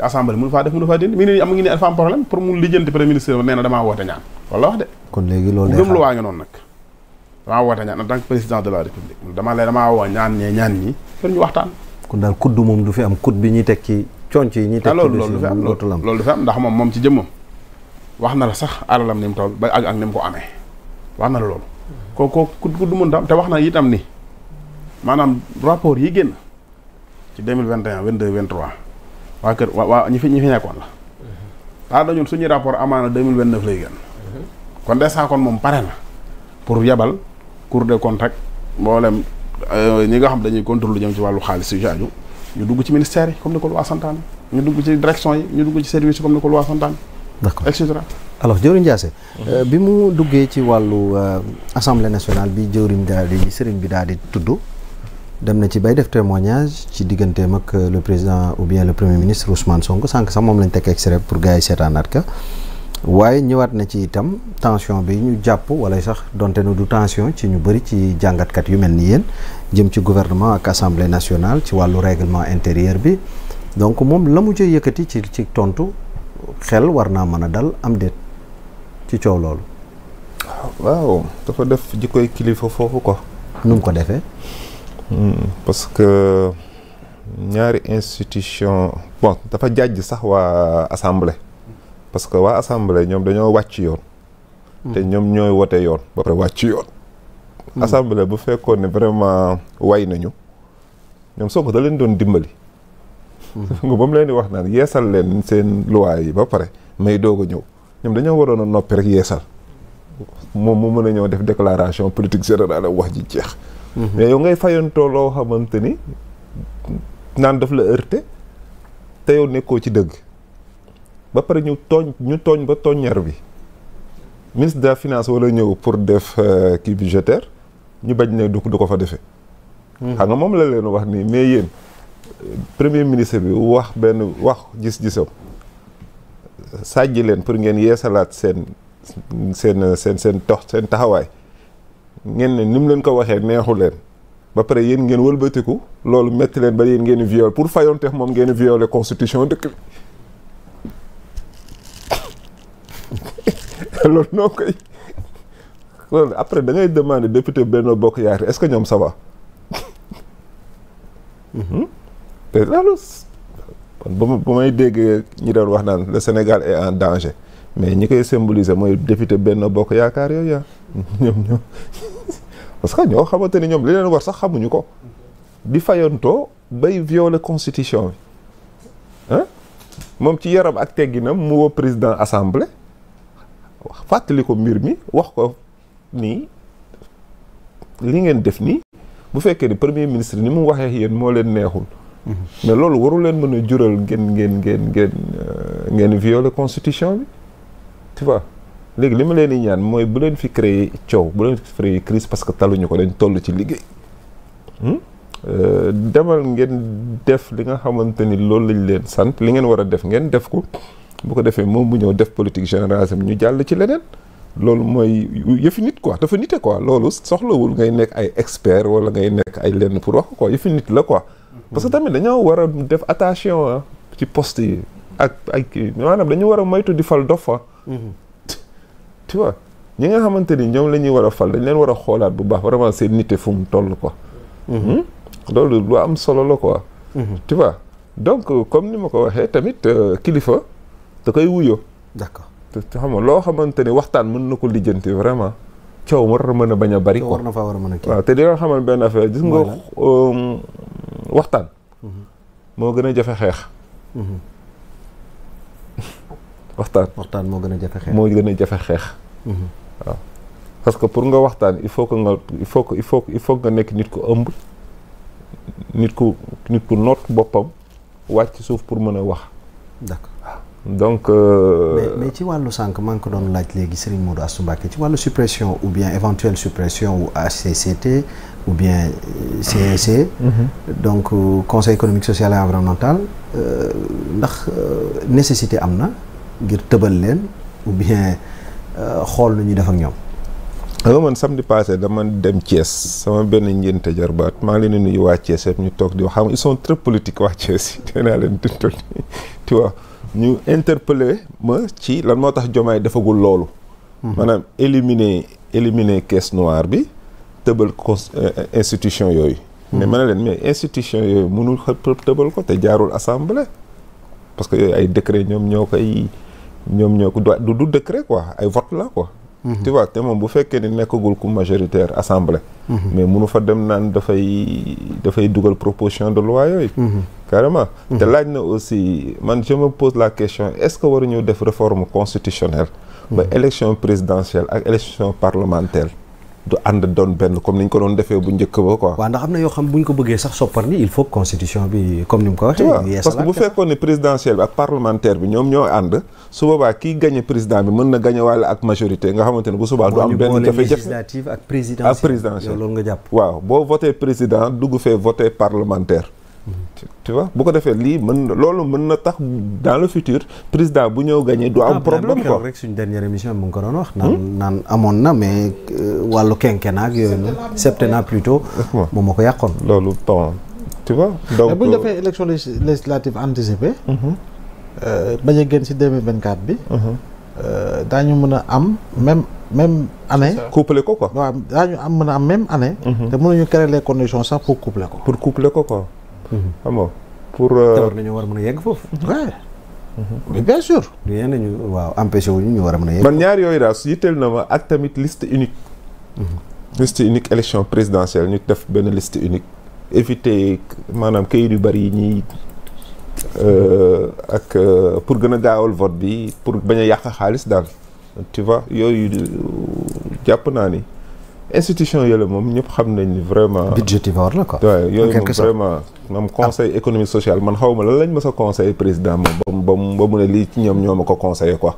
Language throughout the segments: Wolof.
te assemblée mënu faa def mënu faa dindi mi ngi ne am ngi ne am problème pour mu lijjanti premier ministre nee na damaa woote ñaan wala wax de kon léegi loolu gëm lu waa ngi noonu nag damaa woote ñaan de la dama lay damaa woo ñaan ñee ñaan ñi pour ñu waxtaan kon daal kudd moom du fi am kudd bi ñuy teg ci conc yi ñuy teg ah, loolu loolu du fi am loolu du fi am ndax moom moom ci jëmmam wax na la sax alalam ni mu toll ba ak ak ni mu ko amee wax na la loolu kooku kudd kudd mën tam te wax na itam ni maanaam rapport yi génn ci 2021 22 23 waa kër waa waa ñi fi ñi fi nekkoon la daa mhm. dañul suñu rapport amaana deux mille vingt neuf lay gën mhm. kon dèjà kon moom pare na pour yebal cour de comptes ak mboolem euh, ñi nga xam dañuy contrôle lu jëm ci wàllu xaalis yu jaaju ñu dugg ci ministère yi comme ni ko loi santaane ñu dugg ci direction ñu dugg ci service yi comme ni ko loi santaane d'accord et cetera alors jëwriñ mhm. euh, bi mu duggee ci wàllu euh, assemblée nationale bi jëwriñ daal di sëriñ bi daal di tudd dem na ci bay def témoignage ci digganteem ak euh, le président ou bien le premier ministre Ousmane Sonko sànq sax moom lañ tekk extrait pour gars yi seetaanaat ka waaye ñëwaat na ci itam tension bi ñu jàpp wala sax donte nu du tension ci ñu bëri ci jàngatkat yu mel ni yéen jëm ci gouvernement ak assemblée nationale ci wàllu règlement intérieur bi donc moom la mu jëy yëkkati ci ci tontu xel war naa mën a dal am déet ci coow loolu. waaw dafa def jikkoy kilifa foofu ko. nu ko defee. Hmm, parce que ñaari institution bon dafa jàjj sax waa assemble parce que waa assemblée ñoom dañoo wàcc yoon. Hmm. te ñoom ñooy wote yoon. ba pare wàcc yoon. Hmm. assemblée bu fekkoon ne vraiment way nañu. ñoom Sonko da leen doon dimbali. nga ba mu leen di wax naan yeesal leen seen luwaay yi ba pare may doog a ñëw ñoom dañoo waroon a noppi rek yeesal. moom mu mën a ñëw def déclaration politique générale wax ji jeex. Mhm. mais yow ngay fayantoo loo xamante ni naan daf la heurté te yow nekkoo ci dëgg ba pare ñu tooñ ñu tooñ ba tooññar bi ministre de finance wala ñëw pour def euh, kii budgétaire ñu bañ ne du ko fa defe mhm. xam nga moom la leen wax nii mais yéen premier ministre bi wax benn wax gis-gisam sàjj leen pour ngeen yeesalaat seen seen seen seen tox seen taxawaay. ngeen ne ni mu leen ko waxee neexu leen ba pare yéen ngeen wëlbatiku loolu metti leen ba yéen ngeen violé pour fayonteex moom ngeen viole constitution dëkk bi loolu noo koy après da demande demander député Benno Bokk Yaakaar est-ce que ñoom ça va hmm? te loolu ba may dégg ñi doon wax naan le Sénégal et en danger mais ñi koy symboliser mooy député benn bokk yaakaar yooyu yaa ah. ñoom ñoo parce que ñoo xamante ni ñoom li leen war sax xamuñu ko di fayantoo bay violer constitution bi ah moom ci yaram ak tegginam mu woo président assemblée fàttali ko mbir mi wax ko nii li ngeen def nii bu fekkee ni premier ministre ni mu waxee yéen moo leen neexul mhm. mais loolu waru leen mën a jural ngeen ngeen ngeen ngeen euh, ngeen violer constitution bi tu vois léegi li ma leen di ñaan mooy bu leen fi créer coow bu leen fi créer crise parce que ñu ko dañ toll ci liggéey hmm? euh, demal ngeen def li nga xamante ni loolu lañ leen sant li ngeen war a def ngeen def ko bu ko defee moom bu ñëw def politique générale ñu jàll ci leneen loolu mooy yëfi nit quoi dafa nite quoi loolu soxlawul ngay nekk ay expert wala ngay nekk ay lenn pour wax quoi yëfi nit la quoi parce que tamit dañoo war a def attention ah, ci post yi ak ay maanaam dañu war a moytu di fal dof fa mhm. tu vois ñi nga xamante ni ñoom la ñuy war a fal dañ leen war a xoolaat bu baax vraiment seen nite fu mu toll quoi mhm. hmm? loolu lu am solo la quoi mhm. tu vois donc euh, comme ni ma ko waxee tamit euh, kilifa da koy wuyo d'accord te xam nga loo xamante ni waxtaan mën na ko lijjanti vraiment coow war a mën a bañ a bari quoi waa te di nga xamal benn affaire gis nga euh, waxtaan moo gën a jafe xeex waxtaan waxtaan moo gën a jafe xeex moo gën a jafe xeex. Mhm. waaw parce que pour nga waxtaan il faut que nga il faut que il faut il faut nekk nit ko ëmb nit ku nit ku noot boppam wàcc suuf pour mën a wax. d'accord donc. Euh... ci wàllu sànq maa ngi ko doon laaj léegi Serigne Modou Astou Mbacké ci wàllu suppression ou bien éventuelle suppression ou HCCT ou bien CEC. Euh, e. Mm -hmm. donc euh, conseil économique social et environnemental euh, ndax euh, nécessité am na. ngir tëbal leen ou bien euh, xool nu ñuy def ak ñoom. alors man samedi passé dama dem Thiès sama benn njënte jarbaat maa ngi leen di nuyu waa Thiès yëpp ñu toog di wax xam ils sont très politiques waa Thiès yi dinaa leen dundal ñu interpellé ma ci lan moo tax Jomaay defagul loolu. Mhm. maanaam éliminer éliminer caisse noir bi tëbal ko euh, institution yooyu. Mhm. mais man ne leen mais institution yooyu mënul xëpp tëbal ko te jaarul assemblée parce que yooyu ay décret ñoom ñoo koy. ñoom ñoo ko du du décret quoi ay vote la ko mhm. tu vois te moom bu fekkee ni nekkagul ku majoritaire assemblée. Mhm. mais munu fa dem naan dafay dafay dugal proposition de loi yooyu. Mhm. carrément. te laaj na aussi man je me pose la question est-ce que waruñu def réforme constitutionnelle. ba élection présidentielle ak élection parlementaire. du ànd doon benn comme ni ñu ko doon defee bu njëkk ba ko waaw ndax am na yoo xam bu ñu ko bëggee sax soppar ni il bi comme ni mu ko waxee. parce que bu fekkoon ne présidentielle bi ak parlementaire bi ñoom ñoo ànd su kiy gagné président bi mën na gagné wàll ak majorité nga xamante ne bu subaa du am benn jafe ak présidentielle loolu nga jàpp. waaw boo voté président dugg fee voté parlementaire. tu vois bu ko defee lii mën na loolu mën na tax dans le futur président bu ñëw gagné du am ah, problème quoi rek suñ dernière émission mu ngi ko doon wax hmm? naan naan amoon na mais euh, wàllu quinquennat ak yooyu septennat plutôt moom moo ko yàqoon loolu bon tu vois donc bu ñu euh, defee élection législative anticipée mhm. euh, bañ a génn mhm. daañu mën a am même même année. couplé ko quoi. waaw daañu am mën a am même année. Mhm. te mënuñu créer les conditions sax pour couplé ko. pour couplé ko quoi. xam nga pour. war nañu war a mën a yegg foofu. mais mhm. mhm. bien sûr. rien nañu waaw empêché wu ñu war a mën a yegg. man ñaar yooyu daal yitteel na ma ak tamit liste unique. Mhm. liste unique élection présidentielle ñu def benn liste unique. éviter maanaam kayit yu bari yi ñuy. Euh, ak euh, pour gën a gaawal vote bi pour bañ a yàq xaalis daal tu yooyu euh, jàpp naa ni institution yooyu moom ñëpp xam nañ ni vraiment. budgétivore la quoi. waaw yooyu moom conseil économique social man xaw ma lan lañ mës a conseil président moom ba mu ba mu ne lii ci ñoom ñoo ko conseillé quoi.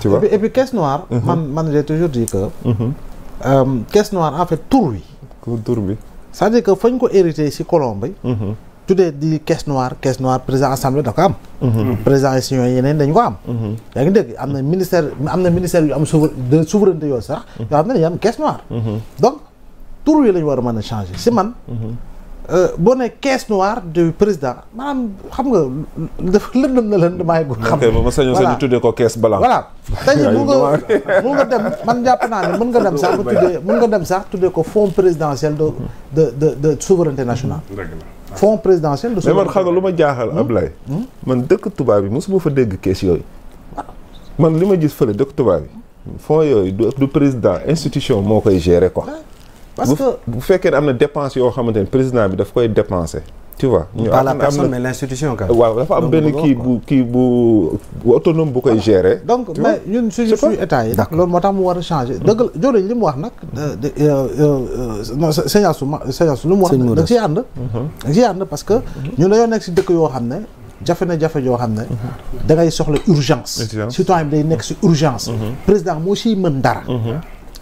tu vois et puis et puis mhm. man man j'ai toujours dit que. Mhm. Euh, caisse noire en tur wi. tur bi. c'est-à-dire fañ ko hérité ci colombe mhm. tuddee di caisse noire caisse noire président assemblée da ko am mhm. président institution yeneen dañ ko am mhm. yaa ngi dégg am na ministère am na ministère yu am de souveraineté yooyu sax mhm. yoo xam ne dañu am caisse noire donc tur yi la ñu war a mën a de souveraineté nationale fonds présidentiel de. mais man xam nga lu ma jaaxal hmm? Ablaye. Hmm? man dëkk tubaab yi mosuma fa dégg kees yooyu. man li ma gis fële dëkk tubaab yi. fonds yooyu du président institution moo koy gérer ko parce que bu fekkee ne am na dépense yoo xamante ne président bi daf koy dépenser. tu vois. pas la personne mais l'institution quand même. waaw dafa am benn kii bu kii bu koy ah, gérer. donc mais ñun suñu suñu état yi. d'accord loolu moo tax mu war a changer. dëgg la joriñ li mu wax nag. Euh, euh, euh, non sëñ Assou ma sëñ Assou lu mu wax. da nga ciy ànd. Mhm. da nga ànd parce que. ñun dañoo nekk si dëkk yoo xam ne. jafe na jafe yoo xam ne mhm. da ngay soxla urgence. surtout day nekk si urgence. Mhm. président moo siy mën dara.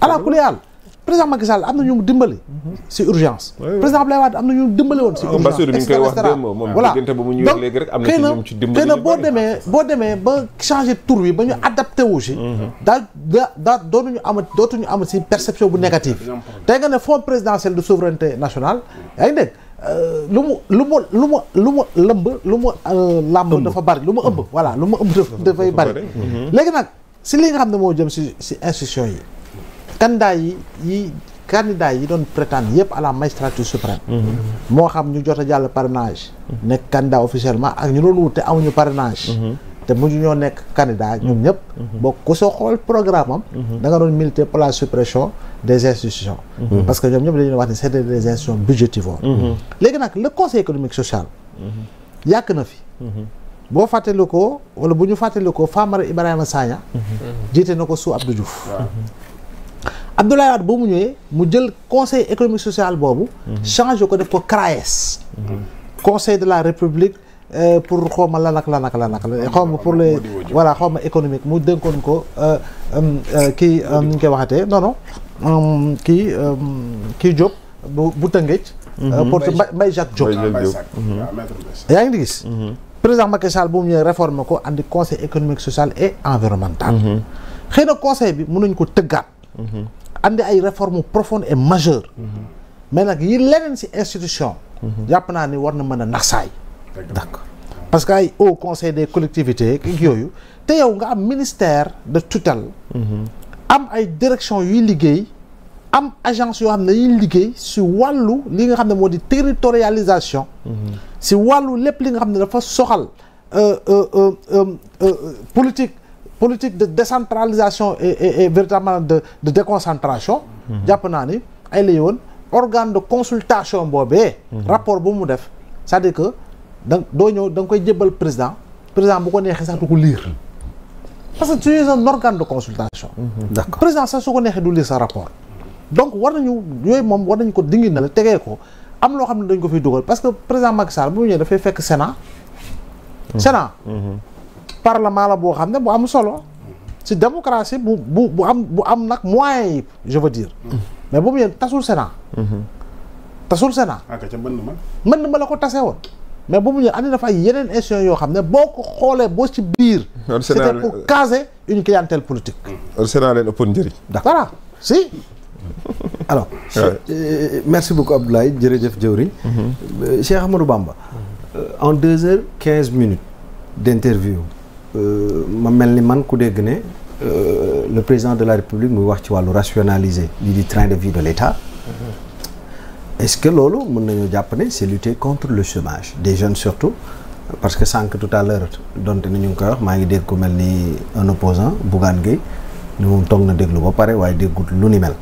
ala kulli yàlla. président Macky Sall am na ñu dimbali. Mhm. si urgence. président Abdoulaye Wade am na ñu dimbali woon si ah, urgence. et cetera voilà donc xëy na xëy na boo demee boo demee ba changer tour wi ba ñu adapté wu si. Mhm. daal da daa dootuñu am dootuñu am si perception bu négative. te nga ne fonds présidentiel de souveraineté nationale yaa ngi dégg. Euh, lu mu lu mu lu mu lu mu lëmb lu mu euh, làmb dafa bari lu mu ëmb voilà lu mu ëmb dafay bari mhm. léegi nag si li nga xam ne moo jëm si si institution yi candidat yi yi candidat yi doon prétendre yëpp à la magistrature suprême. Mhm. moo xam ñu jot a jàll parrainage. Mhm. nekk candidat officiellement ak ñu doon wute amuñu parrainage. Mhm. te mujj ñoo nekk candidat ñoom ñëpp. boo ku soo xool programme am. da nga doon militer pour la suppression des institutions. parce que ñoom ñëpp dañuy wax ne c'est des institutions budgétivores. léegi nag le conseil économique social. yàgg na fi. boo fàttalikoo wala bu ñu fàttalikoo Famara Ibrahima Sagna. jiite na ko Abdoulaye Wade boo mu ñëwee mu jël conseil économique social boobu. Mhm. changé ko def ko CRAES. Mhm. conseil de la république euh, pour xawma lan ak lan ak lan ak xawma pour les voilà xawma économique mu dénkoon ko euh, euh, kii nu ñu koy waxatee non non kii kii Diop bu bu Tëngéej. Mhm. pour Mbaye Jacques Diop. Ah, yaa ngi di gis. président Macky Sall bu mu ñëwee réforme ko andi conseil économique social et environnemental. xëy na conseil bi mun nañ ko tëggaat. am andi ay réformes profonde et majeures. mais nag yi leneen si institution. jàpp naa ni war na mën a naxsaay. d'accord parce que ay haut conseil des collectivités ak yooyu te yow nga am ministère de tutelle. Mm-hmm. am ay direction yuy liggéey. am agence yoo xam ne yiy liggéey si wàllu li nga xam ne moo di territorialisation si mm-hmm. wàllu lépp li nga xam ne dafa soxal euh, euh, euh, politique politique de décentralisation et et, et véritablement de mhm. jàpp naa ni ay la yoon organe de consultation boobee. Mhm. rapport bu mu def cest à que da doo ñëw da nga koy jébbal président président bu ko neexee sax du ko lire. parce que tu es un organe de consultation. Mhm. d'accord président sax su ko neexee du lire sa rapport. donc war nañu yooyu moom war nañu ko dingi na tegee ko am loo xam ne dañ ko fiy dugal parce que président Macky Sall bu mu ñëwee dafay fekk Sénat. Sénat. parlement la boo xam ne bu am solo si démocratie bu bu bu am bu am nag moyens yi je veux dire mm-hmm. mais boobu yéen tasul Sénat mm-hmm. tasul Sénat ah, mën ma mën ma la ko tase woon mais boobu yéen andi na fa ay yeneen institutions yoo xam ne boo ko xoolee boo ci biir c'était pour caser une clientèle politique mm-hmm. Sénat leen ëppoon njëriñ voilà si alors euh, merci beaucoup Abdoulaye jërëjëf jëwriñ euh, Cheikh Ahmadou Bamba euh, en deux heures quinze minutes d'interview Euh, ma mel ni man ku dégg ne euh, le président de la république muy wax ci wàllu rationaliser lii di train de vie de l'état mm-hmm. est-ce que loolu mën nañoo jàpp ne c'est lutter contre le chômage des jeunes surtout parce que sànq tout à donte nañu ñu ngi koy wax maa ngi dégg ko mel ni un opposant Bougane Gueye ni moom toog na déglu ba pare waaye déggut lu ni mel